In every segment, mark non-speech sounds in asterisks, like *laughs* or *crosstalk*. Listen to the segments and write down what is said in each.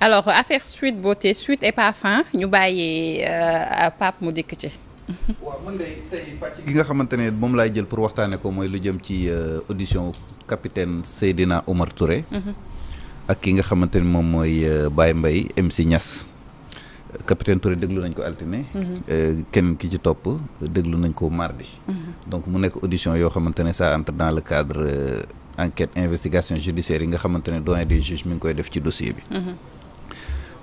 alors affaire Sweet Beauté Sweet et Parfum ñu bàyyi euh, Pape mu dikk ci. waaw man de tey nga xamante ne moom jël pour waxtaanee ko mooy lu jëm ci euh, audition capitaine Seydina Omar Touré. Mhm. ak ki nga xamante ni moom mooy euh, Baye Mbaye MC Niass. capitaine Touré deglu nañ ko altine. Mhm. kenn ki ci topp déglu nañ ko mardi. Mhm. donc mu nekk audition yo xamante ne ça entre dans le cadre enquête investigation judiciaire yi nga xamante ne doyen des juges mi ngi koy def ci dossier bi.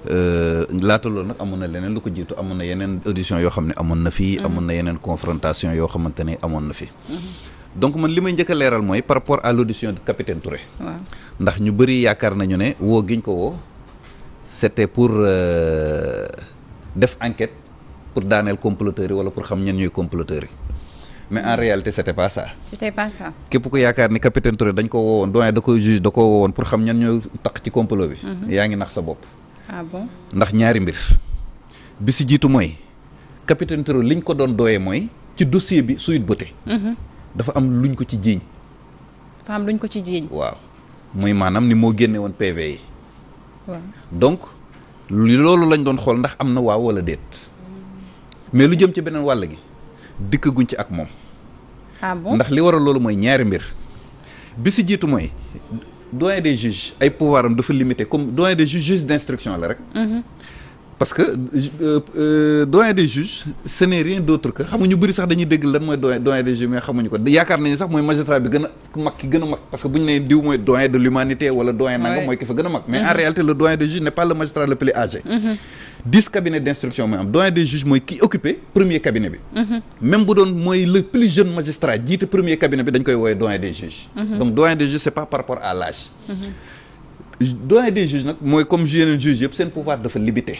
Euh, laata loolu nag amoon na leneen lu ko jiitu amoon na yeneen audition yoo xam ne amoon na fi. Mm-hmm. amoon na yeneen confrontation yoo xamante ne amoon na fi. Mm-hmm. donc man li may njëkk leeral mooy par rapport à l' audition de capitaine Touré. ndax ñu bëri yaakaar nañu ne woo giñ ko woo. c' pour euh, def enquête pour daaneel completeur yi wala pour xam ñan ñuy comploteurs yi mais en réalité c' était pas ça. képp ku yaakaar ni capitaine Touré dañ ko woowoon doyen da koy juge da ko woowoon pour xam ñan ñooy tax ci complot bi. Mm-hmm. ngi sa bopp. ah ndax ñaari mbir bi si jiitu mooy capitaine Touré liñ ko doon dooyee mooy ci dossier bi Sweet Beauté mhm. dafa am luñ ko ci jiiñ dafa am ko ci jiiñ waaw mooy maanaam ni moo génne woon PV yi waaw donc loolu lañ doon xool ndax am na waaw wala déet mais lu jëm ci beneen wàll gi dikk guñ ci ak moom ah bon ndax li wara loolu mooy ñaari mbir bisi si jiitu mooy doyen des juges ay pouvoir am dafa limité comme doyen des juges juge d'instruction la rek mhm. parce que euh, euh, doyen des juges ce n'est rien d'autre que xam ne sax dañuy dégg lan doyen des juges mais xamuñu ko yaakar nañu sax moy magistrat bi a ki qui ont parce que buñ diw doyen de l'humanité wala doyen nanga moy ki fa mais en mhm. réalité le doyen des juges n'est pas le magistrat le plus âgé 10 mhm. cabinets d'instruction le am doyen des juges moy ki occupé premier cabinet mhm. même bu doon le plus jeune magistrat le premier cabinet bi dañ koy doyen des juges donc doyen des juges c'est pas par rapport à l'âge doyen des juges nak moy comme un juge c'est un pouvoir faire limité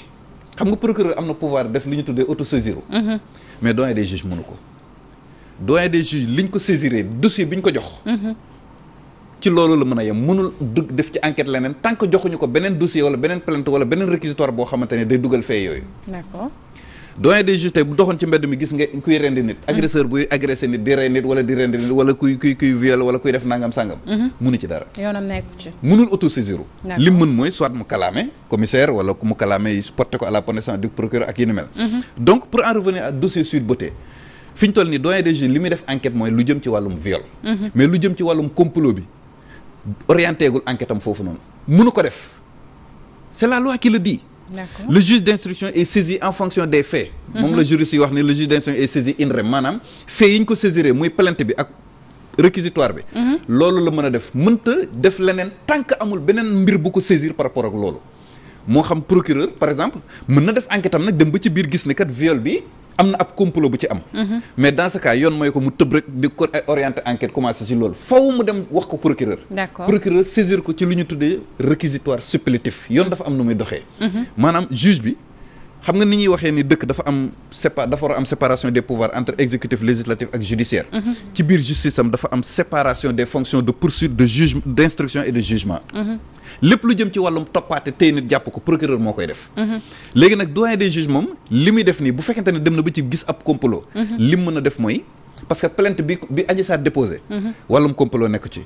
xam nga procureur amna pouvoir def li ñu auto autosaisir mhm. mais doyen des juges mënu ko doyen des juges liñ ko saisiré dossier biñ ko jox mhm. ci loolu la mëna a mënul def ci enquête leneen tant que joxuñu ko beneen dossier wala beneen plainte wala beneen réquisitoire boo xamante ne day dugal fee yooyu d'accord doyen des juges tey bu doxoon ci mbedd mi gis nga kuy rendi nit hmm. agresseur buy agresser nit di rey nit wala di rendi nit wala kuy kuy kuy viol wala kuy def nangam sangam hmm. munu ci dara yonam nekku ci munul auto li mën moy soit mu calamer commissaire wala mu kalaame porter ko à la connaissance du procureur ak yu mel hmm. donc pour en revenir à dossier Sweet Beauté fiñ ñu toll nii doyen des juges limi def enquête moy lu jëm ci walum viol mais lu jëm ci walum complot bi orienté gul enquête am foofu munu ko def c'est la loi qui le dit le juge d'instruction est saisi en fonction des faits moom le mhm. juriste wax le juge d'instruction est saisi in rem maanaam faits yi ko saisiré muy plainte bi ak réquisitoire bi mhm. loolu la mën a def meunta def lenen tant que amul benen mbir bu ko saisir par rapport ak lolu mo xam procureur par exemple meuna def enquête am nag dem ba ci bir gis ne kat viol bi am na ab complot bu ci am. Mhm. mais dans ce yoon mooy ko mu tëb rek di ko orienté enquête commencé si loolu faw mu dem wax ko procureur. d'accord procureur saisir ko ci li ñu tuddee réquisitoire supplétif yoon mhm. dafa am nu muy doxe mhm. maanaam juge bi. xam nga ni ñuy am séparation des pouvoirs entre exécutif législatif ak judiciaire mhm. ci biir justice am dafa am séparation des fonctions de poursuite de d'instruction et de jugement mhm. lépp lu jëm ci wàllum nit procureur moo koy def mhm. léegi nag doyen des juges def bu parce que plainte bi bi Adji Sarr déposé mhm. wàllum complot nekk ci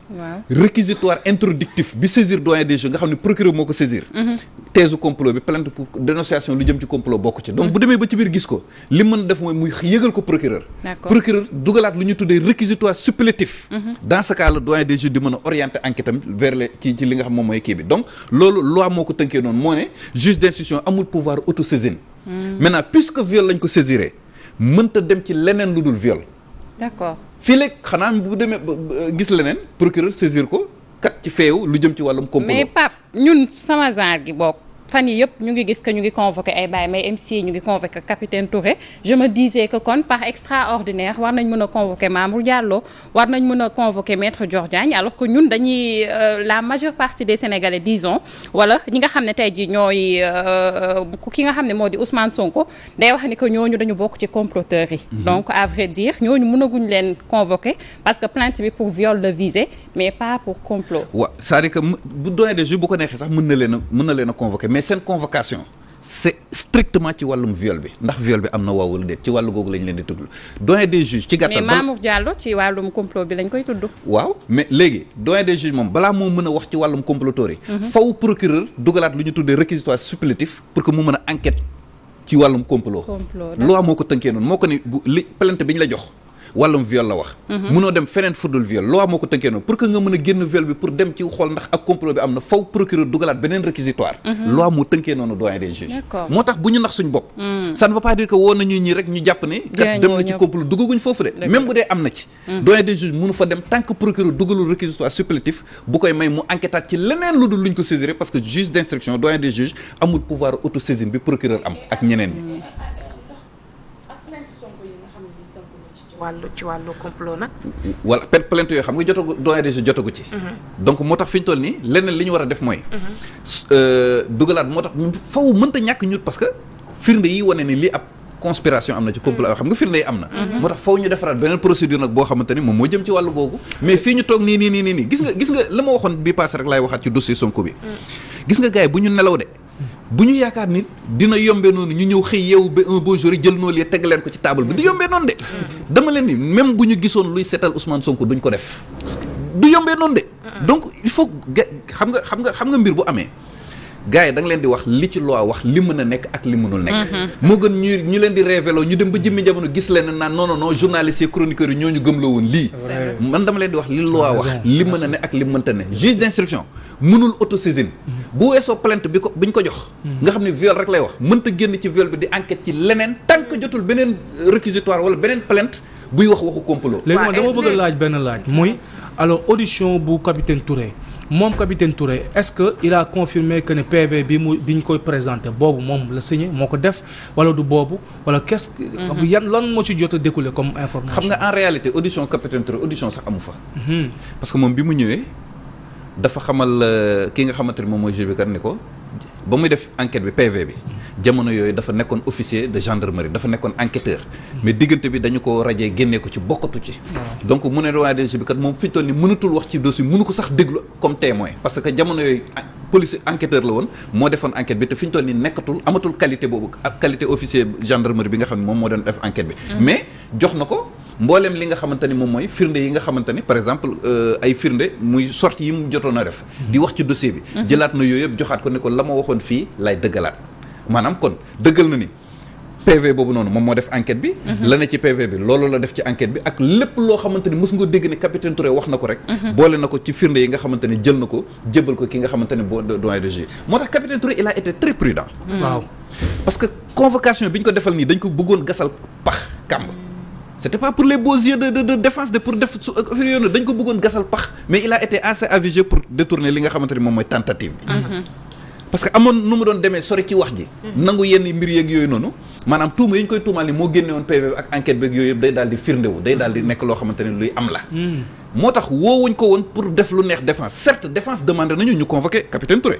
réquisitoire introductif bi saisir doyen des juges nga xam procureur moo ko saisir mhm. teesu complot bi plainte pour dénonciation lu jëm ci complot bokk ci donc bu mhm. demee ba ci biir gis ko li mën a def mooy muy yëgal ko procureur procureur dugalaat lu ñu tuddee requisitoire supplétif dans ce cas là doyen des juges di mën orienter enquête vers les qui ci li nga xam donc loolu loi moo ko tënkee noonu moo ne juge d'instruction amul pouvoir auto saisir. maintenant puisque viol lañ ko saisiré mënta dem ci leneen lu viol d'accord fii léegi xanaa bu demee gis leneen procureur saisir ko kat ci feewu lu jëm ci mais Pape ñun sama genre gi fan yi yëpp ñu ngi gis que ñu ngi convoqué ay Baye Mbaye MC ñu ngi convoqué capitaine Touré je me disais que kon par extraordinaire war nañ mën a convoqué Mamour Diallo war nañ mën a convoqué maître Dior Diagne alors que ñun dañuy euh, la majeure partie des Sénégalais disons wala ñi nga xam ne tey jii ñooy euh, ki nga xam ne moo di Ousmane Sonko day wax ni que ñooñu dañu bokk ci comploteurs yi. Mhm. donc à vrai dire ñooñu mënaguñ leen convoqué parce que plainte bi pour viol de visé mais pas pour complot. waaw c'est-à-dire que bu doonee des jus bu ko neexee sax mën na leen a mën na leen a convoqué mais seen convocation c'est strictement ci wàllum viol bi ndax viol bi am na waawul déet ci wàllu googu lañ leen di tudd doyen des juges ci gàttal mais Mamour Diallo ci wàllum complot bi lañ koy tudd waaw mais léegi doyen des juges moom balaa moo mën a wax ci wàllum comploteur yi mhm. faw procureur dugalaat lu ñu tuddee réquisitoire supplétif pour que mu mën enquête ci wàllum complot loi moo ko tënkee noonu moo ni bu li plainte bi la jox walum viol la wax mënoo mhm. dem fenen fudul viol loi moko ko tënkee pour que nga mën a génn viol bi pour dem ci xol ndax ak complot bi amna faw procureur dugalaat benen réquisitoire mhm. loi moo tënkee non doyen des juges motax buñu nax suñ bop mhm. ça ne veut pas dire que wona nañuy ñi rek ñu japp ne kat dem na ci complot dugaguñ fofu de même bu dee amna ci doyen des juges mënu fa dem tant que procureur dugalul réquisitoire supplétif bu koy may mu enquêter ci lenen luddul luñ ko saisir parce que juge d'instruction doyen des juges amul pouvoir auto saisine bi procureur am ak ñenen ñi wàllu ci wàllu complot nag. wala plainte yooyu xam nga jotagu doyen des jotagu ci. Mm-hmm. donc moo tax fi ñu toll nii leneen li ñu war a def mooy. Mm-hmm. Euh, dugalaat moo tax faw mënta ñàkk ñut parce que firnde yi wane ni lii ab. conspiration am na ci complot mm-hmm. xam nga firnde yi am na moo tax faw ñu defaraat beneen procédure nag boo xamante moom moo jëm ci wàllu googu mais fii ñu toog nii nii nii nii gis nga gis nga la ma waxoon bi passé rek laay waxaat ci dossier Sonko bi mm. gis nga gars yi de bu ñu yaakaar nit dina yombe noonu ñu ñëw xëy yeewu ba un beau jël noo lee teg leen ko ci table bi du yombee noonu de. dama leen ni même bu ñu gisoon luy seetal Ousmane Sonko duñ ko def. du yombee noonu de. Ah, ah. donc il faut xam nga xam nga xam nga mbir bu amee. gars yi leen di wax li ci loi wax li meuna nek ak li mënul nek mhm. mo gën ñu ñu leen di révélo ñu dem ba jëmmi jamono gis leen naan non non non journalistes yi chroniqueurs ñoo ñu gëmloo won li man dama leen di wax li loi wax li meuna ne ak li mënta ne juge d'instruction auto saisine mhm. bu weesoo plainte bi ko bi ko jox mhm. nga xamni viol rek lay wax meunta génn ci viol bi di enquête ci leneen tank jotul benen réquisitoire wala benen plainte buy wax waxu complot léegi man dama bëgg laaj benn laaj moy alors audition bu capitaine Touré mom capitaine Touré est-ce que il a confirmé que le PV bi mu biñ koy présenter bobu mom le signer moko def wala du Bobu, wala qu'est-ce mhm. yan lan mo ci jotta a comme information. xam nga en réalité audition capitaine Touré audition sax amu fa. Mhm. parce que mom bi mu ñëwee dafa xamal euh, ki nga xamante mom moom mooy Jébé ne ko ba muy def enquête bi PV bi jamono yoy dafa nekkoon officier de gendarmerie dafa nekkoon enquêteur mais digënté bi dañu ko rajé génnee ko ci bokatu ci donc mu ne waa bi kat mom fi ñu wax ci dossier mënu sax déglu comme témoin parce que jamono yoy ah, police enquêteur la won mo defoon enquête bi te fi toll ni nekkatul amatul qualité bobu ak qualité officier gendarmerie bi nga xam mom mo doon def enquête bi mm. mais joxnako mbooleem li nga xamante ni moom mooy firnde yi nga xamante ni par exemple euh, ay firnde muy sortie yi mu jotoon a def di wax ci dossier bi mhm. jëlaat na yooyu yëpp joxaat ko ne ko la ma waxoon fii lay dëggalaat maanaam kon dëggal na ni PV boobu noonu moom moo def enquête bi mhm. la ne ci PV bi loolu la def ci enquête bi ak lépp loo xamante ni mës nga dégg ne capitaine Touré wax na ko rek mhm. boole na ko ci firnde yi nga xamante ni jël na ko jébal ko ki nga xamante boo doyen a été très bi ñu ko defal nii dañ ko bëggoon gasal pax c'était pas pour les beaux yeux de de de défense de pour def su euh, ko bëggoon gasal pax mais il a été assez avisé pour détourner li nga xamante mom tentative mhm. parce que amone nu mu doon demee sori ci wax ji. Mhm. nangu yenn mbir yeek yoy noonu. manam touma yi koy toumal ni mo génne woon PV ak enquête beeg yoy yëpp day daal di firndewu day daal di nekk loo luy am la. Mhm. motax tax ko won pour def lu neex défense certes défense demander nañu ñu convoquer capitaine Touré.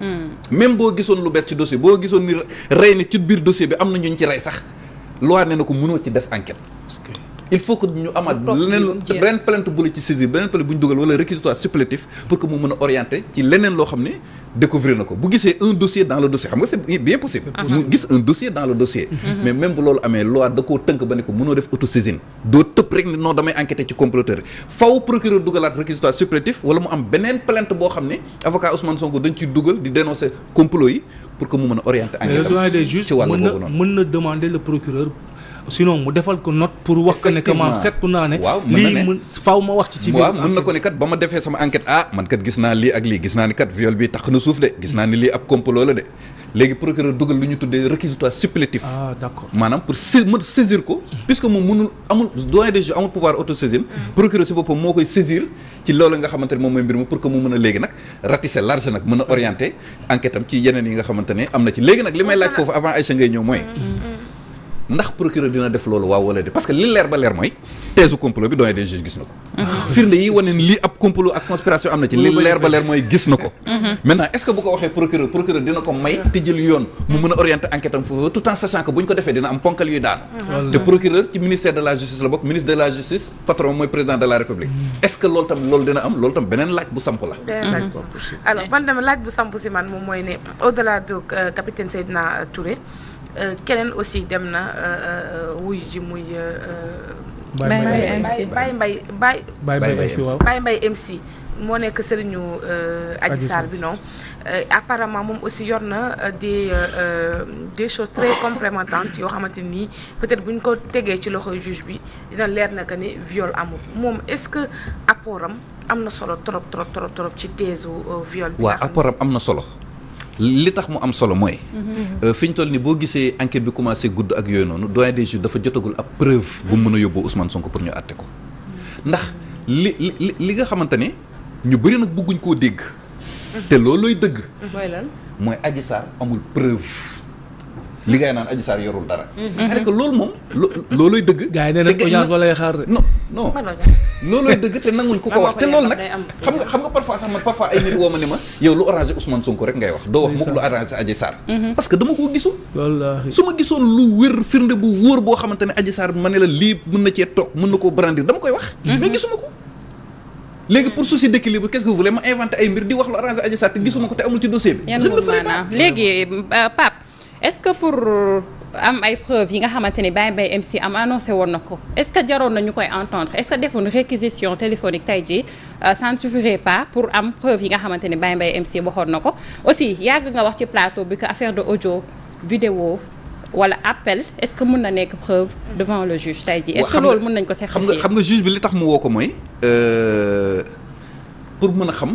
Hmm. même boo gisoon lu bees ci dossier boo gisoon ni rey ne ci biir dossier bi am na ñu ci rey sax loi ne na ko mënoo ci def enquête. il faut que ñu amaat leneen beneen plainte bu la ci saisir beneen plainte bu ñu dugal wala réquisitoire supplétif pour que mu mën orienter ci leneen loo xam découvrir na ko bu gisee un dossier dans le dossier xam nga c'est bien possible mu gis un dossier dans le dossier mm-hmm. mais même bu loolu amee loi da koo tënk ba ne ko mënoo def autosaisine doo tëb rek ne non damay enquêter ci comploteur faw procureur dugalaat réquisitoire supplétif wala mu am beneen plainte boo xam avocat Ousmane Sonko dañ ciy dugal di dénoncer complot yi pour que mu mën a orienter enquête ci wàllu boobu noonu mën na demander le procureur sinon mu defal ko note pour wax ko ne que maam naa ne lii mën faaw ma wax ci ci biir waaw mën na ko ne kat ba ma defee sama enquête ah man kat gis naa lii ak lii gis naa ni kat viol bi tax na suuf de gis naa ni lii ab complot la de léegi procureur dugal lu ñu tuddee réquisitoire supplétif ah d'accord maanaam pour s mën saisir ko puisque moom mënul amul doyen de juge amul pouvoir autosaisine mm. procureur si boppam moo koy saisir ci loolu nga xamante ne moom mooy mbir mi pour que a léegi nag ratisser large a orienter enquête am ci yeneen yi nga xamante ne am na ci léegi nag li may laaj foofu avant Aïcha ngay ndax procureur dina def loolu waaw wala de parce que li leer ba leer mooy teesu complot bi doyen des juges gis na ko mhm. firnde yi wane ni ab complot ak conspiration am na ci li leer ba leer mooy gis na ko mhm. maintenant est ce bu ko waxee procureur procureur dina ko may te jël yoon mu mën a orienter enquête am foofu tout en sachant que bu ñu ko defee dina am ponkal yuy daanu te procureur ci ministère de la justice la bokk ministre de la justice patron Euh, keneen aussi dem na euh, euh, wuy MC apparemment aussi yor des des choses très complémentantes peut-être bu ko ci juge bi dina na que ni viol amul est-ce que y am trop trop trop trop ci viol li tax mu am solo mooy. Euh, fi ñu toll ni boo gisee enquête bi commencé gudd ak yooyu noonu doyen des juges dafa jotagul ab preuve bu mën a yóbbu Ousmane Sonko pour ñu àtte ko ndax li li li nga xamante ne ñu bëri nag bëgguñ koo dégg. te loolooy dëgg. mooy lan mooy amul preuve. li ngay naan Adji Sarr yorul dara. Mhm. c'est que loolu moom. loo loolooy dëgg. gars yi te nanguñ ku ko wax te loolu nag. xam nga xam nga parfois sax man parfois ay nit woo ma ne ma. yow lu arrangé Ousmane ngay wax. doo wax mukk lu arrangé Adji Sarr. Mhm. parce que dama ko gisul. wallaahi su ma gisoon lu wér ne ma ne la lii mën na cee toog mën na koo brandir dama koy wax. Mhm. mais gisuma ko. léegi pour souci d'équilibre qu'est-ce que vous ma inventé ay mbir di wax lu arrangé Adji te gisuma ko te amul ci dossier bi. je ne le ferai est-ce que pour euh, am ay preuves yi nga xamante ni MC am annoncé woon na ko est-ce que jaroon na ñu koy entendre est-ce que defoon réquisition téléphonique tey jii euh, ça ne suffirait pas pour am preuve yi nga xamante ni MC waxoon na ko aussi yàgg nga wax ci plateau bi que affaire de audio vidéo wala appel est-ce que mën na nekk preuve devant le juge tey jii est-ce que loolu mën nañ ko certifier xam nga juge bi li tax mu woo ko mooy euh, pour mën a xam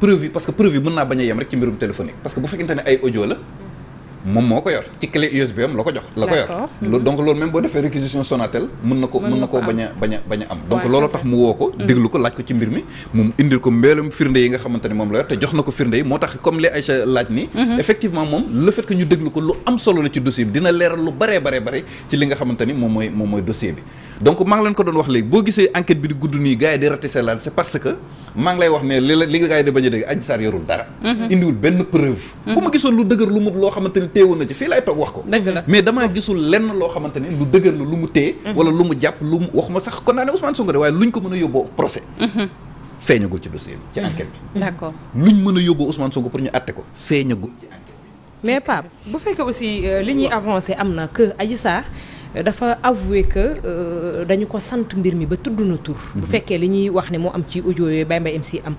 preuve yi parce que preuve yi mën naa bañ a yem rek ci mbirum téléphonique parce que bu fekkente ne ay audio la moom moo ko yor ci clé USB am la ko jox la ko yor donc loolu même boo defee réquisition Sonatel mën na ko mën na ko bañ a bañ a bañ am donc looloo tax mu woo ko mm. déglu ko laaj ko ci mbir mi mu indil ko mbéelum firnde yi nga xamante ne moom la yor te jox na ko firnde yi moo tax comme li Aïcha laaj ni mm-hmm. effectivement moom le fait que ñu déglu ko lu am solo la ci dossier bi dina leeral lu baree baree bare ci li nga xamante ni moom mooy moom mooy dossier bi donc maa ngi leen ko don wax leg bo gisee enquête bi di gudd ni gaay di raté sélan c'est parce que maa ngi lay wax né li nga gaay yi di bañ a dégg Adji Sarr yorul dara mhm. wul benn preuve mhm. bu ma gisoon lu dëgër lu mu lo xamanteni ni na ci fi lay tok wax ko mais dama gissul lenn lo xamanteni lu dëgër lu mu té mhm. wala lu mu japp lu mu waxuma sax kon naa ne Ousmane Sonko de luñ ko mëna yobbo yóbboo procès feeñagul ci dossier ci enquête bi d'accord luñ mëna yobbo Ousmane Sonko pour ñu atté ko feeñagul ci enquête bi mais pap bu fekkee aussi euh, li ñuy avancé que Adji dafa avoué que euh, dañu ko sant mbir mi ba tudd na tur. bu mhm. fekkee li ñuy wax ne moo am ci audio yooyu MC am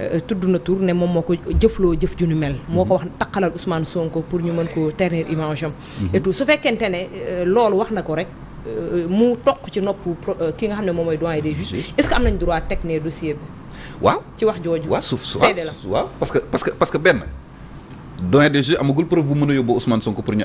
euh, tudd na ne moom ko jëf ju mhm. wax Ousmane Sonko pour ko image am. Mhm. et su fekkente ne euh, loolu wax rek. mu ci est-ce que am nañ droit teg ne dossier bi. waaw ci wax waaw parce que parce que parce que benn des amagul preuve bu mën Ousmane Sonko pour ñu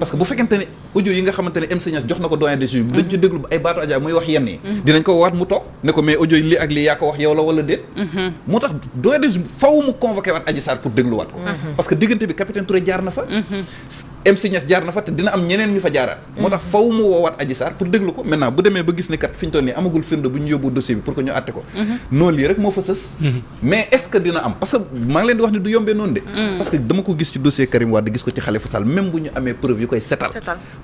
parce que bu fekkente ne audio yi nga xamantene MC Niass jox nako doyen de juge dañ ci deglu ay baatu adja muy wax yenn ni mhm. dinañ ko wat mu tok ne ko mais audio yi lii ak li ya ko wax yow la wala det motax mhm. doyen de juge faw mu convoquer wat Adji sar pour deglu wat ko mhm. parce que diggante bi capitaine Touré jaar na fa MC Niass jaar na fa te dina am ñeneen ñu fa jaara motax tax faw mu wat Adji sar pour deglu ko maintenant bu démé ba gis ni kat fiñ toni amagul firnde bu ñu yobbu dossier bi pour que ñu atté ko non li rek mo fa seuss mais est ce que dina am parce que ma ngi leen di wax ni du yombé non de parce que dama ko gis ci dossier Karim Wade gis ko ci Khalifa Sall même bu ñu amee preuve koy setal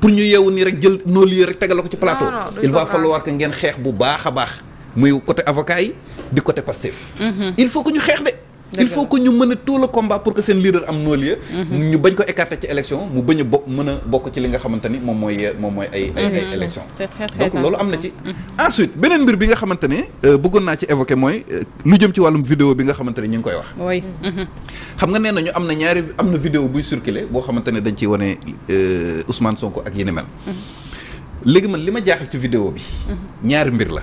pour ñu yeewu nii rek jël noo lieu rek tegal ko ci plateau il va falloir que ngeen xeex bu baax a baax muy côté avocat yi di côté Pastef mm-hmm. il faut que ñu xeex de il faut que ñu mën a tout le combat pour que seen leader am non-lieu mhm. ñu bañ ko écarter ci élection mu bañ a bokk mën a bokk ci li nga xamante ni moom mooy moom mooy ay ay ay mhm. donc loolu am na ci mhm. ensuite beneen mbir bi nga xamante ne euh, bëggoon naa ci évoquer mooy euh, lu jëm ci wàllum vidéo bi nga xamante ne ñu ngi koy wax xam nga nee nañu am na ñaari am na vidéo buy circuler boo xamante ne dañ ciy wane euh, Ousmane Sonko ak yi ni mel léegi man li ma jaaxal ci vidéo bi ñaari mbir la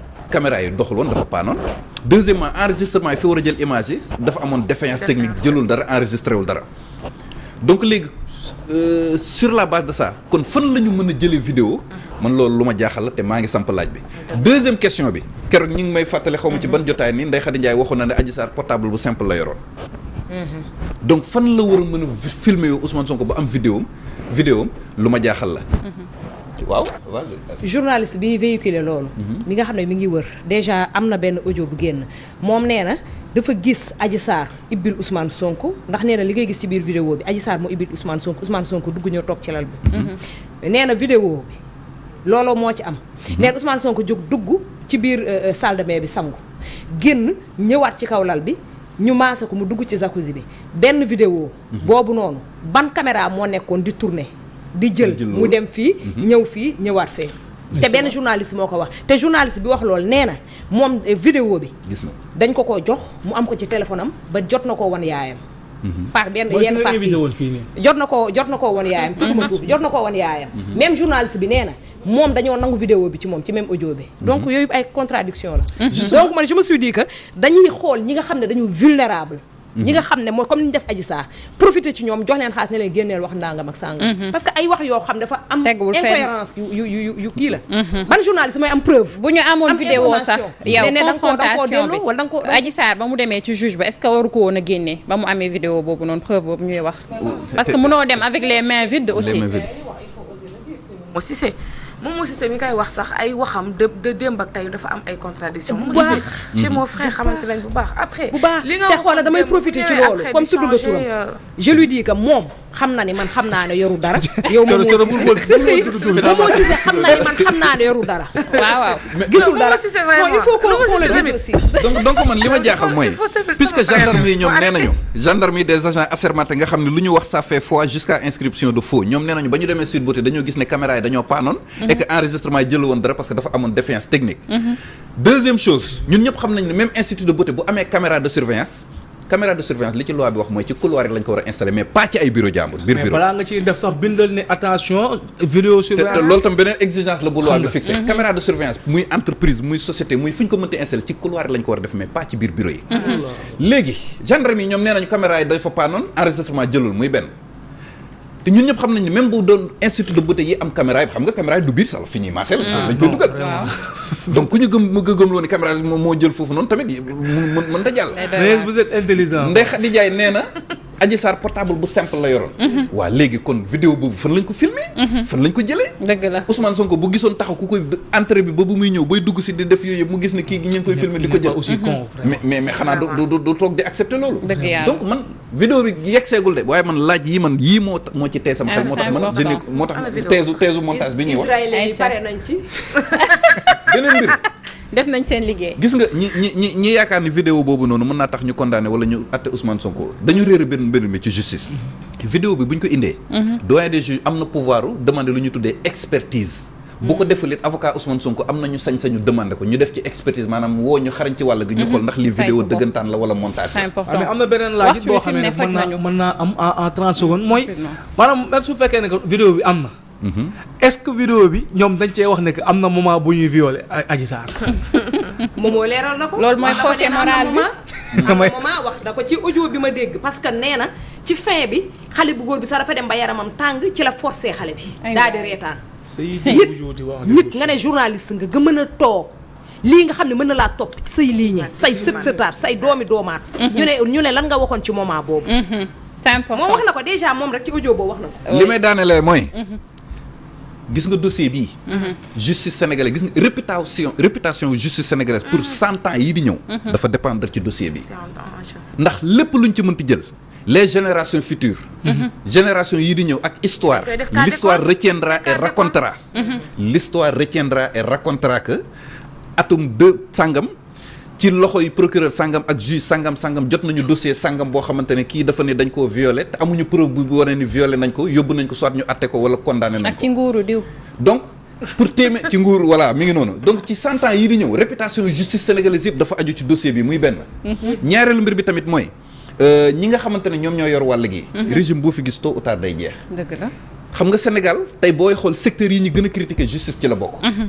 caméra yi doxul woon dafa paanoon deuxièmement enregistrement yi fi war a jël image yi dafa amoon défaillance technique jëlul dara enregistré dara donc léegi euh, sur la base de ça kon fan la ñu mën a jëlee vidéo man loolu lu ma jaaxal la te maa ngi samp laaj bi deuxième question bi keroog ñu ngi may fàttale xaw ma ci mhm. ban jotaay nii Ndeye Khady Ndiaye waxoon na ne Adji Sarr portable bu simple la yoroon mhm. donc fan la war a mën a filmer Ousmane Sonko ba am vidéo am lu ma jaaxal la mhm. waaw journaliste bi véhiculé loolu. Mhm. mi nga xam ne mi ngi wër déjà am na benn audio bu génn moom nee na dafa gis Adji Sarr ibbil Ousmane Sonko ndax nee na li ngay gis ci biir vidéo bi Adji Sarr moo ibbil Ousmane Sonko Ousmane Sonko dugg ñëw toog ci lal bi. Mhm. Mhm. nee na vidéo bi looloo moo ci am. nee na Ousmane Sonko jóg dugg ci biir euh, euh, salle de bain bi sangu génn ñëwaat ci kaw lal bi. ñu maase ko mu dugg ci jacuzzi bi benn vidéo boobu noonu ban caméra moo nekkoon di tourner di jël mu dem fii mhm. ñëw fii ñëwaat fee te benn journaliste moo ko wax te journaliste bi wax loolu nee na moom eh, vidéo bi dañ ko ko jox mu am ko ci téléphone am ba jot na ko wan yaayam mhm. par benn yenn parti jot na ko jot na koo wan yaayam tudduma tuub jot na koo wan yaayam mhm. même journaliste bi nee na moom dañoo nangu vidéo bi ci moom ci même audio bi donc yooyu ay contradiction la donc man je me suis dit dañuy xool ñi nga xam ne dañu vulnérable ñi nga xamné mo comme ni def aji saax profiter ci ñom jox leen xaalis ne leen génneel wax ndàngam ak sang mhm. parce que ay wax yo xam dafa am incohérence yu yu yu ki la mhm. ban journaliste may am preuve bu ñu amone vidéo sax yow confrontation bi wala da nga ko aji sar ba mu démé ci juge ba est-ce que waru ko wona a ba mu amé vidéo bobu non preuve boobu ñuy wax parce que mëno dem avec les mains vides aussi aussi c'est moom Momo Cissé mi koy wax sax ay waxam de de démb ak tey dafa am ay contradictions. bu baax ci mm-hmm. mon frère xamante nañ bu baax après bu baax li nga wax te damay profiter ci loolu comme tudd nga turam euh, je lui dis que moom xam ni man ne yoru dara. *laughs* yow moom moo ni *laughs* man yoru dara. *laughs* dara il faut que donc donc man li ma puisque gendarme yi ñoom nee des agents assermentés nga xam ne wax ça fait foi jusqu'à inscription de faux ñoom nee nañu ba ñu demee Sweet Beauté dañoo caméra yi dañoo mhm. et que enregistrement jël woon dara parce que dafa amoon défiance technique. Mhm. deuxième chose ñun ñëpp xam même institut de beauté bu amee caméra de surveillance caméra de surveillance li ci loi bi wax mooy ci couloir yi lañ ko war a installé mais pas ci ay bureau jàmbur biir bureau balaa nga ciy def sax bindal ne attention vidéo surveillance loolu tam beneen exigence la bu loi bi fixé mhm. caméra de surveillance muy entreprise muy société muy fu ñu ko mënte installé ci couloir yi lañ ko war def mais pas ci biir bureau yi mhm. léegi gendarme yi ñoom nee nañu caméra yi dañ paanoon enregistrement jëlul muy benn te ñun ñëpp xam nañ ne même bu doon institut de beauté yi am caméra yi xam nga caméra yi du biir sax fi ñuy maaseel dañ koy dugal ah. *laughs* donc ku ñu gëm mu gëm loo ni moo jël foofu noonu tamit mën mën ta jàll vous êtes intelligent Ndeye Khady Ndiaye nee na Adji Sarr portable bu simple la yoroon mhm. waa léegi kon vidéo boobu fan lañ ko filmé mhm. fan lañ ko jëlee dëgg la Ousmane Sonko bu gisoon taxaw ku koy entrée bi ba bu muy ñëw bay dugg si di def yooyu yëpp mu gis ne kii ñu ngi koy filmé di ko jël mhm. mais mais xanaa du du toog di accepté loolu donc man vidéo bi yegg de waaye man laaj yi man yii moo moo ci tee sama xel moo tax ah, man jëni moo tax teesu teesu montage bi ñuy wax beneen mbir *laughs* def nañ seen liggéey. gis nga ñi ñi ñi ñi yaakaar ni vidéo boobu noonu mën naa tax ñu condamné wala ñu àtte Ousmane Sonko dañu réer benn bi bu ñu ko indee. Mhm. doyen des juges am na pouvoir demander lu ñu tuddee expertise. bu ko mhm. defalit avocat Ousmane Sonko am nañu sañ-sañu demandé ko ñu def ci expertise maanaam woo ñu xarañ ci wàll gi. ñu mhm. xool ndax li vidéo dëggantaan la wala montage. c'est important ah, mais am na beneen laaj it boo xamee ne mën naa mën naa am en en 30 mooy. maanaam même su fekkee ne que vidéo bi am Mm-hmm. est-ce que vidéo bi ñoom dañ cee wax ne am na moment bu ñuy violé Adji Sarr. *laughs* moom moo leeral na ko. loolu mooy fausse morale *laughs* wax na ko ci audio bi ma dégg parce que nee na ci fin bi xale bu góor sax dafa dem ba yaramam tàng ci la forcé xale bi. daal di reetaan. nit nga ne journaliste nga nga mën a toog. lii nga xam ne mën na laa topp ci say liiñe ah, say sët sëtaar say doomi doomaat. Mm-hmm. ñu ne lan nga waxoon ci moment boobu. Mm-hmm. moom wax na ko déjà moom rek ci audio boobu wax na ko. li may daanelee mooy. gis nga dossier la mhm. justice sénégalaise gis nga réputation réputation justice sénégalaise pour 100 mhm. ans Il di ñëw. Mhm. dafa dépendre ci dossier bi. ndax lepp luñ ci mënti jël. les générations futures. génération générations di ñëw ak histoire. l'histoire retiendra et racontera. l'histoire retiendra et racontera que atum deux sangam. ci loxoy procureur sangam ak juge sangam sangam jot nañu dossier sangam boo xamante ne kii dafa ne dañ ko violé te amuñu preuve bu wane ni violé nañ ko yóbbu nañ ko soit ñu atte ko wala condamné nañ ko. ak donc pour téeméer ci nguur voilà mi ngi noonu donc ci cent yi yii di ñëw réputation justice sénégalaise yëpp dafa aju ci dossier bi muy benn. Mhm. ñaareelu mbir bi tamit mooy euh, ñi nga xamante ne ñoom ñoo yor wàll gi. Mhm. régime boo fi gis tôt ou tard day jeex. dëgg nga Sénégal tey booy xool secteurs yi ñu gën a critiquer justice ci la bokk. Mhm.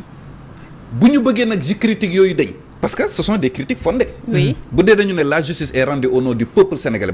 bu ñu bëggee nag ji critique yooyu dañ parce que ce sont des critiques fondées. oui Vous mmh. dee que la justice est rendue au nom du peuple sénégalais.